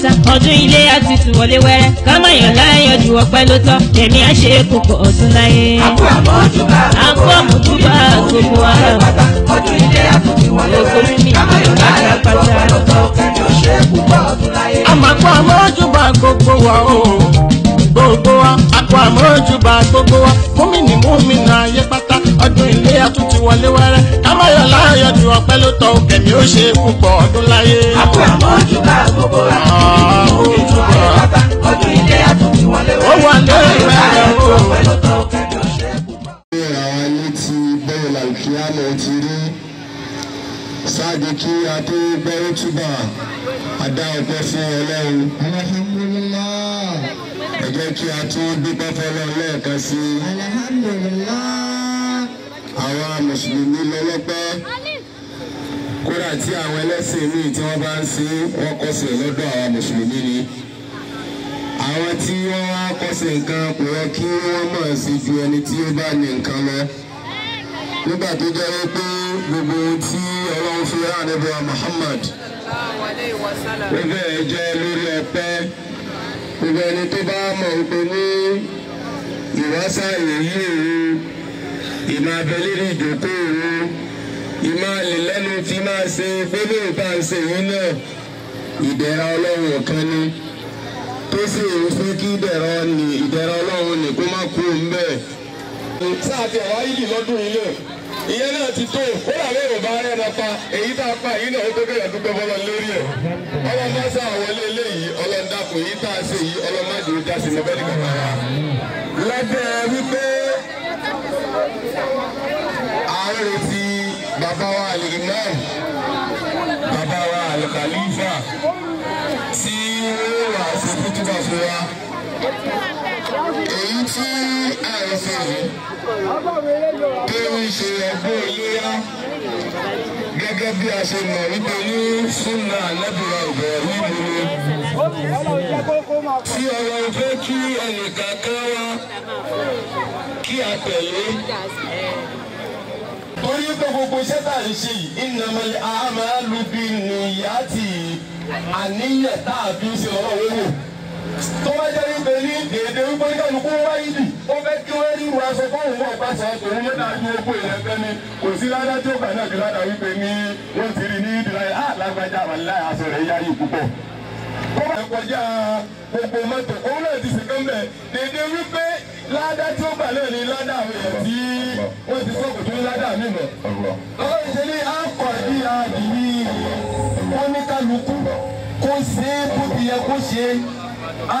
pátá ọdún ilé á ti tù wọlé wẹ́rẹ́ kámáyàn láyọ̀ ju ọpẹ́ ló tọ́ èmi á ṣe kókó ọdún láyé. àpò àmọ́ ọdún bá gbogbo wa. ọdún ilé á ti wọlé wẹ́rẹ́ kámáyàn láyọ̀ ju ọpẹ́ ló tọ́ èmi á kókó ọdún láyé. àmàpò àmọ́ ọdún bá gbogbo wa o gbogbo wa àpò àmọ́ ọdún bá gbogbo wa múmi ní múmi náà yẹ pátá ọdún iléyá tún ti wọlé wẹ́rẹ́ kámáyọ̀ láàyọ̀ ju ọpẹ́ ló tọ́ kẹ̀mí ó ṣe púpọ̀ ọdún láyé. àpò àmọ́ ojú bá gbogbo rà nínú ojú rẹ̀ pátá ọdún iléyá tún ti wọlé wẹ́rẹ́ sáàdì kí a tó túbà àdá ọpẹ́ fún ọlọ́run. alhamdulillah. ẹ jẹ́ kí a tún dúpẹ́ fọlọ́ lẹ́ẹ̀kan sí i. alhamdulillah àwa mùsùlùmí lọ́lọ́pẹ́ kódà tí àwọn ẹlẹ́sìn míì tí wọ́n bá ń ṣe wọ́n kọsẹ̀ lọ́dọ̀ àwa mùsùlùmí ni àwọn tí wọ́n wá kọsẹ̀ nǹkan kò yẹ kí wọ́n mọ̀ sí ju ẹni tí ó bá ní nǹkan lọ nígbà tó jẹ́ pé gbogbo tí ọlọ́run fi rán àdébọ̀ Muhammad bíbẹ̀ jẹ́ lórí ọpẹ́ bíbẹ̀ ẹni tó bá mọ̀ pé ní ìwáṣà èyí èyí ìmọ̀ abẹ́lé ní ìdókòwò ìmọ̀ àlélẹ́nu tí máa ṣe gbélé ìpàṣẹ yìí náà ìdẹ̀ra ọlọ́run ọ̀kan ni tó sì ń fún kí ìdẹ̀ra ni ìdẹ̀ra ọlọ́run ni kó má kú òun bẹ́ẹ̀. sáà ti àwọn lọ́dún yìí náà ìyẹn náà ti tó ó rà lóò bá rẹ̀ náà pa èyí tá a pa yìí náà ó tó bẹ̀rẹ̀ dúpẹ́ bọ́lọ́ lórí ẹ̀ ọlọ́mọ àwọlé eléyìí ọlọ́dàkùn yìí tá a ṣe yìí ọlọ́mọ àdìrí dá sí mọ́bẹ́lì kọ̀ọ̀kan wa. lábẹ́ wípé àárẹ̀ ti bàbá wa alimam bàbá wa alikalifa tí wọ́n wà fún kútùbà fún wa èyí tí àìsàn yìí tó ń ṣe ẹgbẹ́ ìlera gẹ́gẹ́ bí a ṣe mọ̀ wípé ní súnà alábìrà ìbẹ̀rù ìbúrú tí ọ̀rọ̀ fẹ́ kí ẹnìkan kan wá kí a tẹ̀lé. torí pé gbogbo iṣẹ́ tá à ń ṣe yìí innamal a'malu binniyati àníyàn tá a fi ń ṣe ọ̀rọ̀ wíwò tó bá jẹ́ ibẹ̀ ní dèédé wípé kálukú wá ibi ó fẹ́ kí wọ́n rí ìwà aṣọ fún òun ọ̀pá sọ òun ló dáa ju ogbó ni kò sí ládá tí ó gbà náà kí ládá wípé ní wọ́n ti rí ní ìdíláyà á ah, lágbájá wà láyà aṣọ rẹ̀ yá yìí púpọ̀. ó bá kọjá gbogbo mọ́tò òun náà ti sì kán bẹ̀ dèédé wípé ládá tí ó gbà náà ni ládá àwọn tí wọ́n ti sọ̀kò ládá mi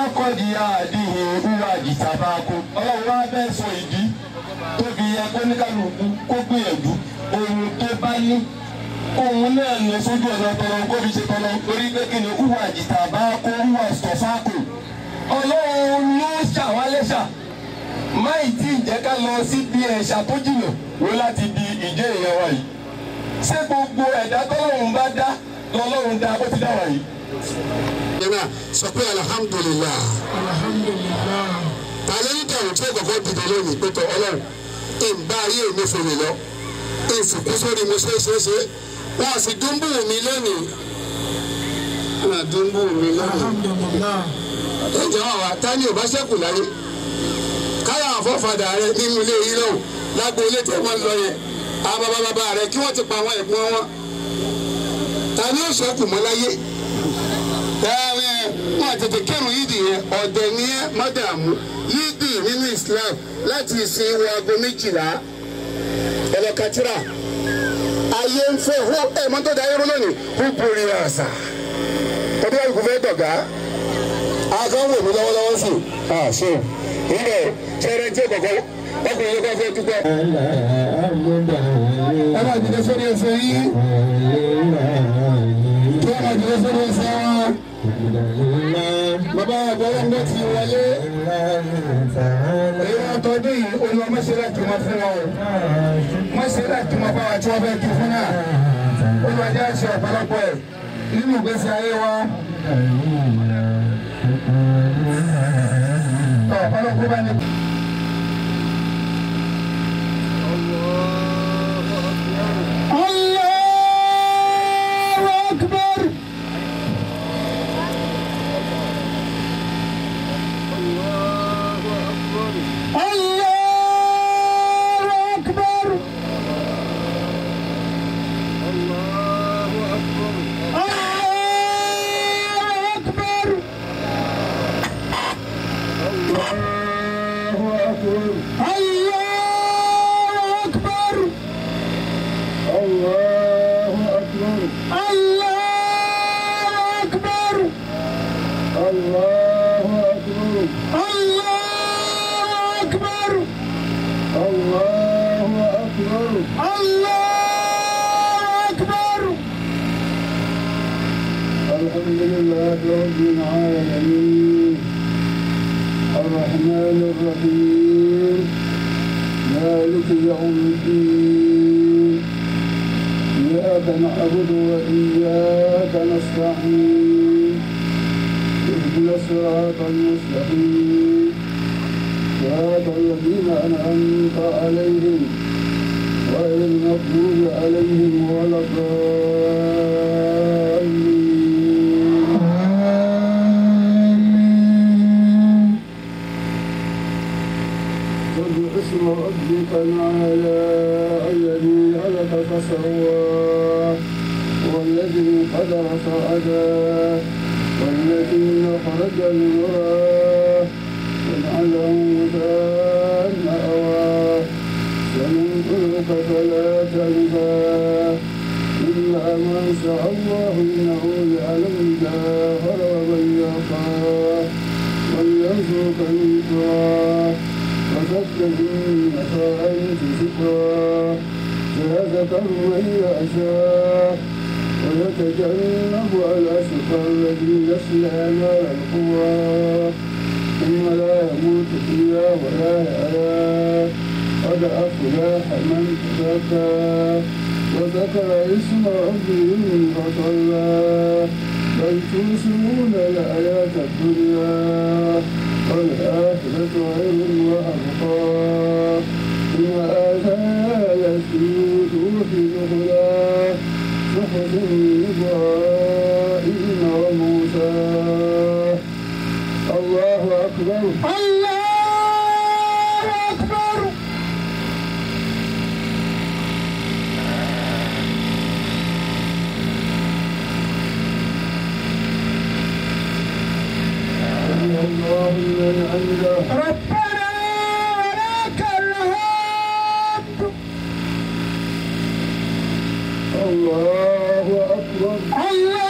akọ́dì àdìhì wíwá ìsàbáko ọlọ́run wá bẹ́ẹ̀ sọ ìdí tó fi yẹ kó ní kálukú kó gbìyànjú ohun tó bá ní òun náà lọ sójú ọ̀nà tọrọ kó fi ṣe tọrọ torí pé kí ni wíwá ìsàbáko wíwá sọ̀fáko ọlọ́run ló ṣàwálẹ́ṣà máì tí ìjẹ́ ká lọ síbi ẹ̀ṣà tó jìnnà wọ́n láti di ìjẹ́ èèyàn wa ṣé gbogbo ẹ̀dá tọ́lọ́run bá dá lọ́lọ́run dá bó ti dá wa jẹ́nà sọ pé alhamdulillah. alhamdulillah. ta ló ní tẹ̀wọ̀n tí dìde lónìí pé ọlọ́run ìgbà ayé mi fèrè lọ ìsìnkú sórí mo ṣe é ṣe é ṣe wọn sì dúnbù mi lónìí wọn dúnbù mi lónìí. ẹ̀jẹ̀ wọn wà tá ní ò bá ṣẹ́kù láyé káyà àfọ́fadà rẹ nínú ilé yìí lọ́wọ́ lágbo ilé tí wọ́n lọ yẹn àwọn bàbá bàbá rẹ kí wọ́n ti pa àwọn ẹ̀gbọ́n wọn ta ni ó ṣẹ́kù mọ́ láyé wọn tètè kírun yídì yẹn ọ̀dẹ̀ ni ẹ mọ́dàmú yídì nínú Islam láti ìsìn ìwọ aago méjìlá ẹlẹ́katira ayé ń fẹ́ hó ẹ̀ mọ́tò dá irun lónìí hó borí àṣà tọ́jú wà lùkú fẹ́ dọ̀gá agan wò mí lọ́wọ́lọ́wọ́ sùn àṣọ ìbẹ̀ tẹ́rẹ́ tí kọ̀kọ́ ọkùnrin yóò kọ́ fẹ́ dúpẹ́. ẹ máa dìde sórí ẹsẹ̀ yìí kí ẹ máa dìde sórí ẹsẹ̀ wọn bàbá àbọ̀wọ́ngbé ti wọlé èyí wọn tọdún yìí olúwa mọ́ṣẹ́lá jùmọ̀ fún wọn o mọ́ṣẹ́lá jùmọ̀ bá wa tí wọ́n fẹ́ kí fún náà olúwa jẹ́ àṣẹ ọ̀pọ̀lọpọ̀ ẹ̀ nínú ìgbésí ayé wa. ọ̀pọ̀lọpọ̀ bá ní. المستقيم اهدنا الصراط المستقيم صراط الذين أنعمت عليهم غير المغضوب عليهم ولا الضالين سبح اسم ربك الأعلى الذي خلق فسواه والذي قدر فأدى والذي أخرج الورى فجعله مأوى أوى خلق فلا تلقى إلا من شاء الله إنه يعلم الجاهر ومن يخاف وليرزق يسرا وصدق إنك أنت سكرا سيتكرم من يشاء على سفر الذي يصلى نار القوى ثم لا يموت فيها ولا يحيا قد أفلح من تزكى وذكر اسم ربه فصلى بل تنسون الآيات الدنيا والآخرة خير وأبقى ثم آتى يسجد في نخلاه Mm-hmm. الله أكبر الله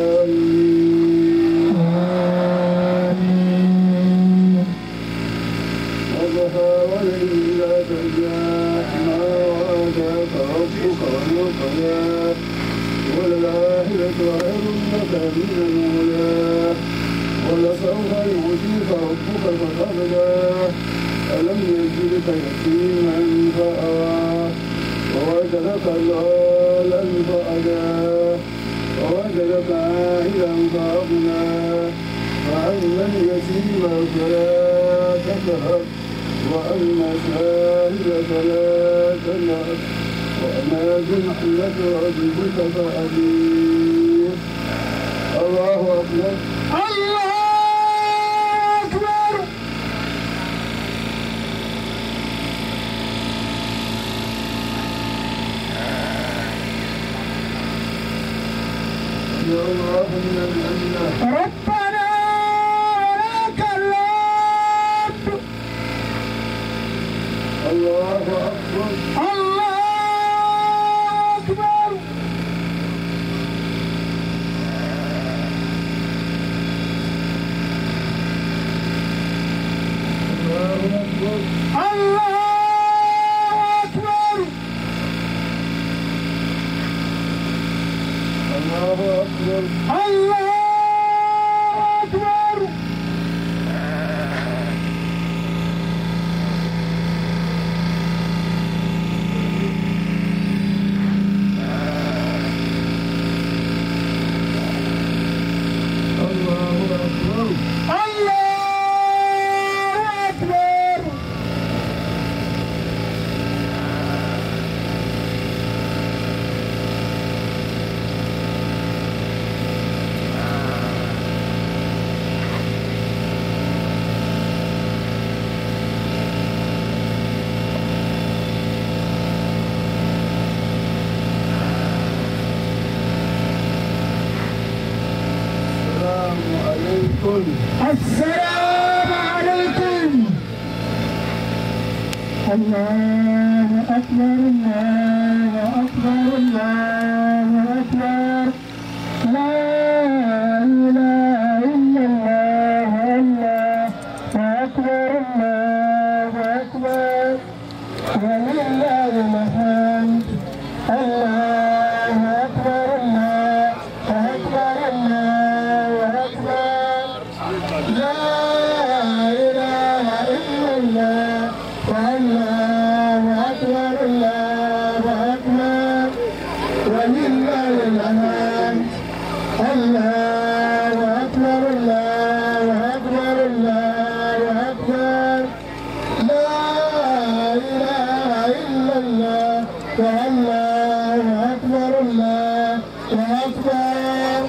أكبر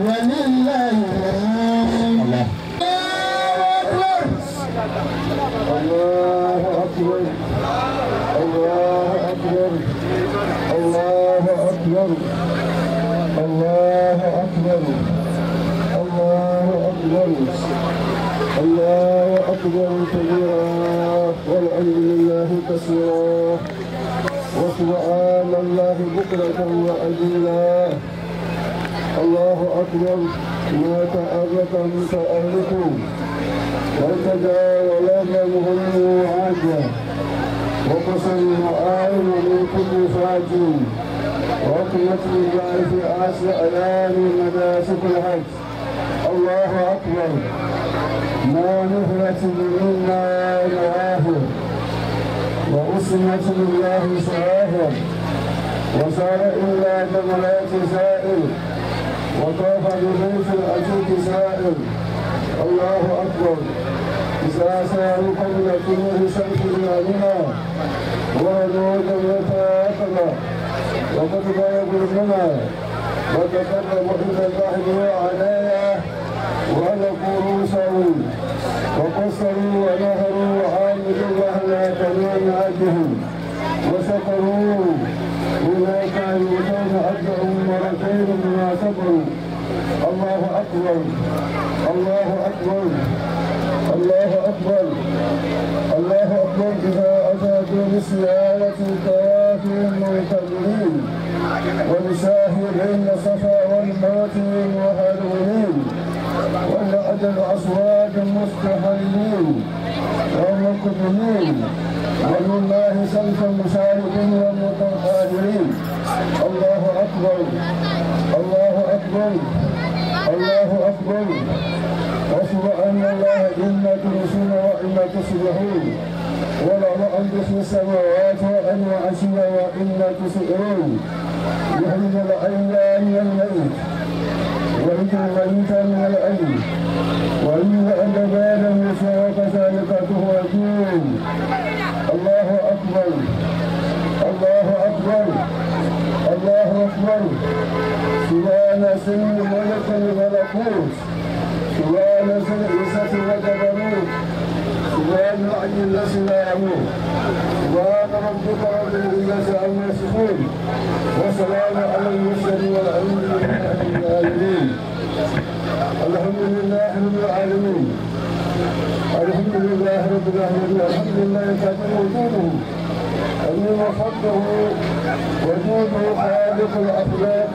ولله الله أكبر الله أكبر الله أكبر الله أكبر الله أكبر الله أكبر الله كبيرا والحمد لله كثيرا وسبحان الله بكرة وأجيلا الله أكبر ما تأرك متأرك وتجاوز مهم عاجة وقصر مآرم من كل فاج وقمت لله في آسر أيام مداسك الحج الله أكبر ما نهرت منا نواهر وأسمت لله سواهر وصار إلا بملاك سائل وطاف بغيث الأجود سائل الله أكبر إذا ساروا قبل طلوع شمس بلادنا ورجوك يتعاقب وقد غاب المنى وتقرب إلى الله وعنايا ولقوا رؤوسهم وقصروا ونهروا وعاملوا الله لا تنام عدهم وشكروا أولئك يؤتون أجرهم مرتين بما صبروا الله أكبر الله أكبر الله أكبر الله أكبر إذا أتاكم بسيارة كوافر منكبرين وبساهرين صفا والموتين وهلولين ولعدل أصوات مستحلين والمقدمين عن الله سلف المسالمين والمتقابلين الله أكبر الله أكبر الله أكبر واشهد أن الله انا رسول وانا تصبحون ولعل أن في السماوات وأن وعشيا وإنا تسئرون يحيي الأيام من الميت ويجعل الميت من الأجل وإن الأبدان من وكذلك نزل ملك الملكوت ونزل عيسى وجبروت سبحان الحي الذي لا يموت سبحان ربك رب العزة عما يصفون وسلام على المرسلين والحمد لله رب العالمين الحمد لله رب العالمين الحمد لله رب العالمين الحمد لله كامل وجوده أمين وفضله وجوده خالق الأخلاق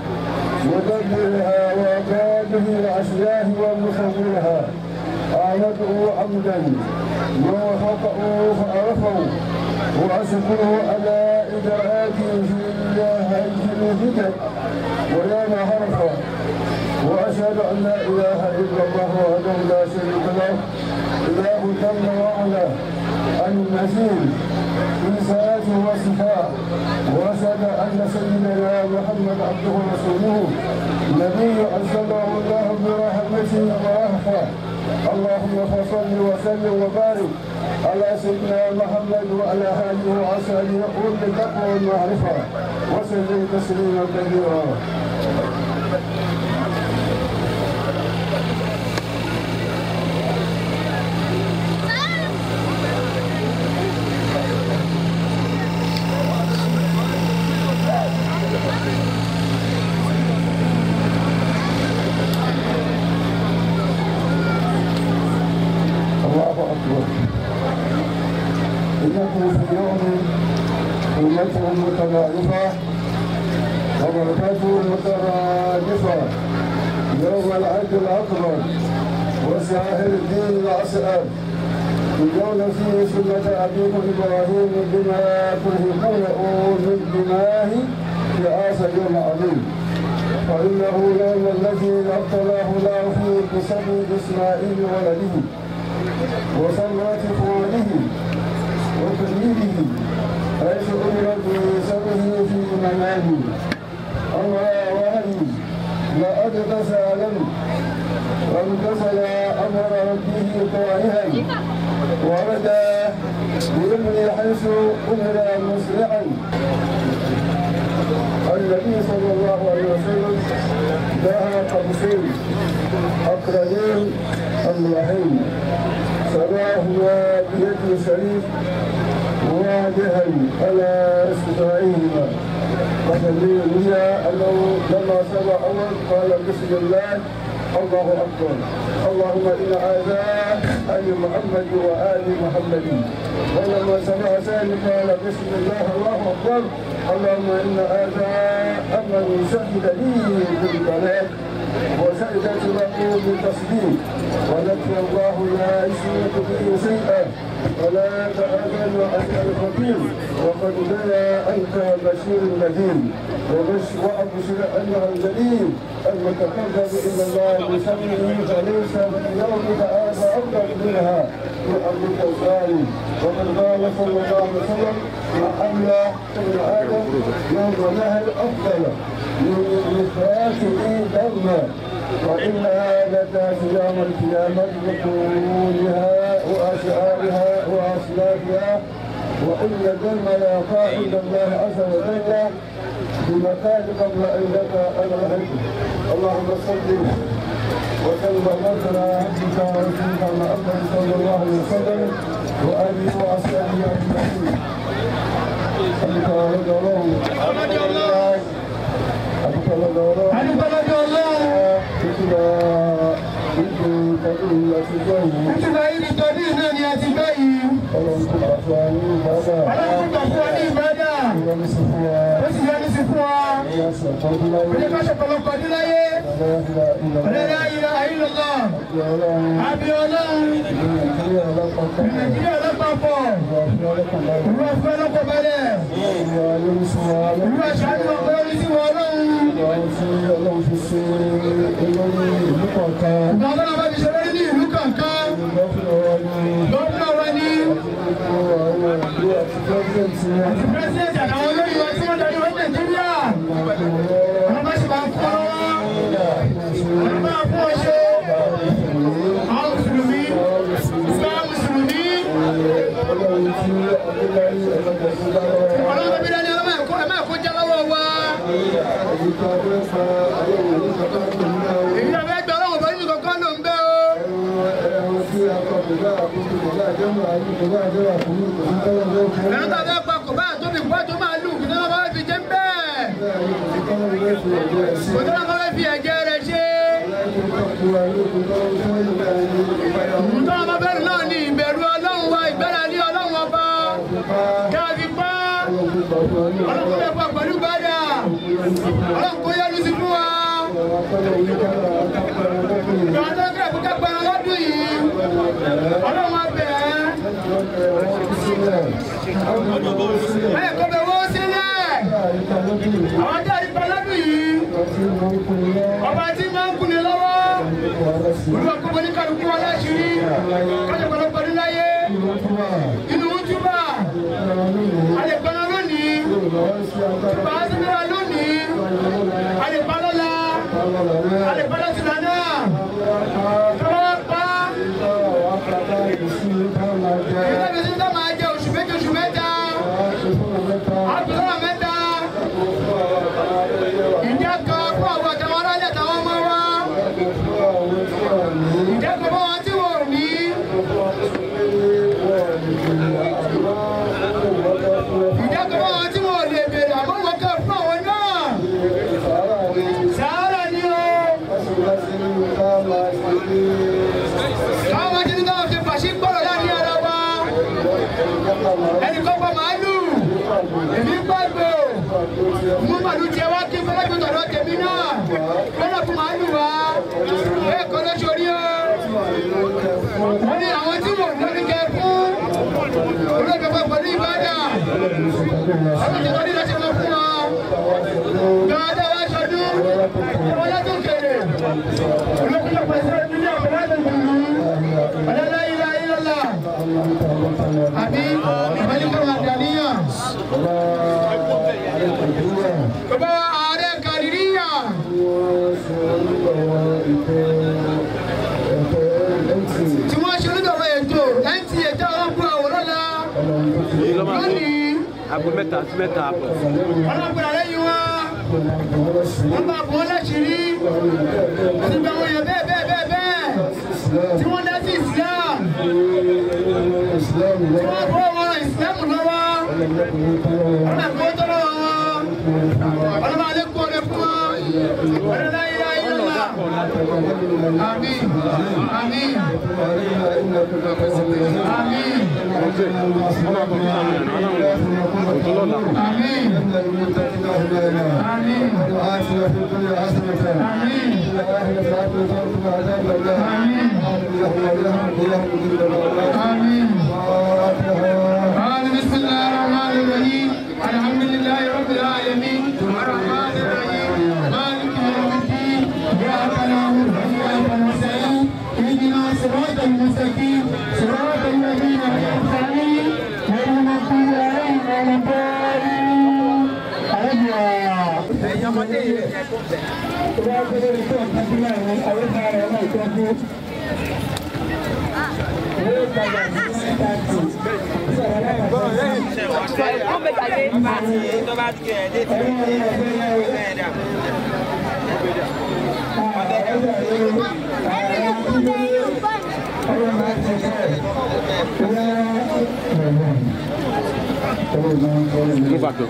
وبدرها وكاده الأشياء ومصورها أعلنوا عمدا ووافقوا فأعرفوا وأشكروا على إدراكي في الله الفتن ولا معرفة وأشهد أن لا إله إلا الله وحده لا شريك له إله جل أن المسيح من صلاته وصفاء وأشهد أن سيدنا محمد عبده ورسوله نبي أرسله الله برحمته ورهفه اللهم فصل وسلم وبارك على سيدنا محمد وعلى اله وصحبه وسلم بتقوى المعرفه وسلم تسليما كثيرا يوم قوته متضاعفة وبركته مترادفة يوم العد الأكبر وسائر الدين الأسأل يدعون فيه سنة أبيكم إبراهيم بما ترهقون من دماه رئاسة يوم عظيم فإنه يوم الذي ابتلاه الله فيه بسبب إسماعيل ولده وسمرة فؤاده وتجميله حيث أمر بسره في منامه أما وهلي لأجدس لم وانتزل أمر ربه طائعا ورد بإبن حيث أمر مسرعا النبي صلى الله عليه وسلم لها قبسين أقرنين أمرين فما بيد سليم وذهب على استدعائهما وحليل لي انه لما سمع اول قال بسم الله الله اكبر اللهم ان هذا ال محمد وال محمد ولما سمع ثاني قال بسم الله الله اكبر اللهم ان هذا امر شهد لي البلاد وسألك معه من تصديق ولك الله لا يشرك به شيئا ولا تأذن أنت الخبير وقد بلى أنت بشير نذير وأبشر أنه الجليل المتقرب إلى الله بسمعه فليس من يومك هذا أفضل منها في أمرك الخالي وقد قال صلى الله عليه وسلم وحمل هذا يوم نهر أفضل لفاسد دما وإن هذا يوم القيامة بطولها وأشعارها وأسلافها وإن دم لا قائد الله عز وجل بمكان قبل أن لك الغد اللهم صل وسلم وبارك على عبدك ورسولك محمد صلى الله عليه وسلم وآله وأصحابه Títí lọ ibi tọdún iná ni a ti gbọ́ yìí. Ọlọ́run kò gbà fún wa ní ìbádà. Ọlọ́run kò gbà fún wa ní ìbádà. Ó sì yọ ní sí fún wa. Oye ká ṣe pọ̀lọpọ̀ ní láyé. Ọlọ́run ayé ayélujára. Àbí Ọlọ́run. Nàìjíríà lápapọ̀. Olú ọ̀fẹ́ lọ́kọ̀ balẹ̀. Olú àṣàjù ọ̀fẹ́ oríṣi wọ Ọlọ́run. Ìgbà ọlọ́run fi ṣe olórí ìlú kọ̀ọ̀kan. Ìgbà ọlọ́run lọ́dún ọ̀rọ̀ ni àti president àtàwọn olóyè wa tí wọ́n darí wọ́n Nàìjíríà. ẹ̀rọ tó fẹ́ pa kò bá tóbi kò bá tó máa lù kí tọ́lá máa fi jẹ́ ń bẹ́ẹ̀. kò tọ́lá máa fi ẹ̀jẹ̀ rẹ̀ ṣe. ntọ́lá máa bẹ̀rù náà ní ìbẹ̀rù ọlọ́run wa ìbẹ̀rẹ̀ ní ọlọ́run ọba. káàbí pa ọlọ́run tó fẹ́ pa pẹ̀lú ẹ kò bẹ̀ wọ́n sílẹ̀ àwọn ti máa ń kúni lọ́wọ́ olùwàkúnbọ̀ ní kálukú ọlá ṣírí kọ́jà àbí mẹ́líkọ̀rọ̀ àdàníyà. bàbá ààrẹ kàdíríyà. tí wọ́n ṣe onídọ̀rọ̀ ètò ẹ̀ǹtì ètò àwọn ọkùnrin àwòrán la lónìí. àgbo mẹ́ta sí mẹ́ta àbọ̀. ọlọ́pàá rẹ̀ yìí wá wọ́n bá bọ́ láṣìírí àti báwọn yẹn bẹ́ẹ̀ bẹ́ẹ̀ bẹ́ẹ̀ ọlọ́wọ́ ìsìlẹ́mù lọ́wọ́ ọlọ́wọ́ ìjọba ọlọ́wọ́ alẹ́kọ̀ọ́ rẹ fún ọ ọlọ́láyà ìlọ́lá àmì àmì àmì àmì àmì àmì الحمد لله رب العالمين الرحمن الرحيم مالك يوم الدين اياك نعبد واياك نستعين اهدنا صراط المستقيم صراط الذين انعمت عليهم غير المغضوب عليهم ولا الضالين أيوة. Thank you. Move back up.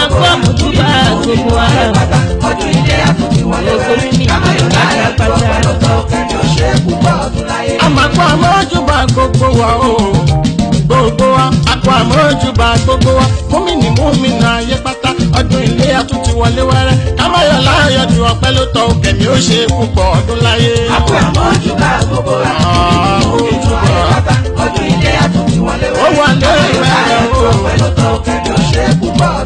àfọ̀mùtúbà gbogbo ara ọdún ilé àtúntìwọ̀n lórí mi àmàlùmá àgbàjà àmàpọ̀ àmọ́júbà gbogbo wa o gbogbo wa àpò àmọ́júbà gbogbo wa gómìnà gómìnà ayé pátá ọdún iléyá tún wọlé wẹ́rẹ́ kámáyọ̀ láàyò ju ọpẹ́ ló tọ́ kẹ̀mí ó ṣe púpọ̀ ọdún láyé. àpò àmọ́ ojú ká gbogbo àwọn ojú ayé pátá ọdún iléyá tún wọlé wẹ́rẹ́ kámáyọ̀ láàyò ju ọpẹ́ ló tọ́ kẹ̀mí ó ṣe púpọ̀ ọdún láyé.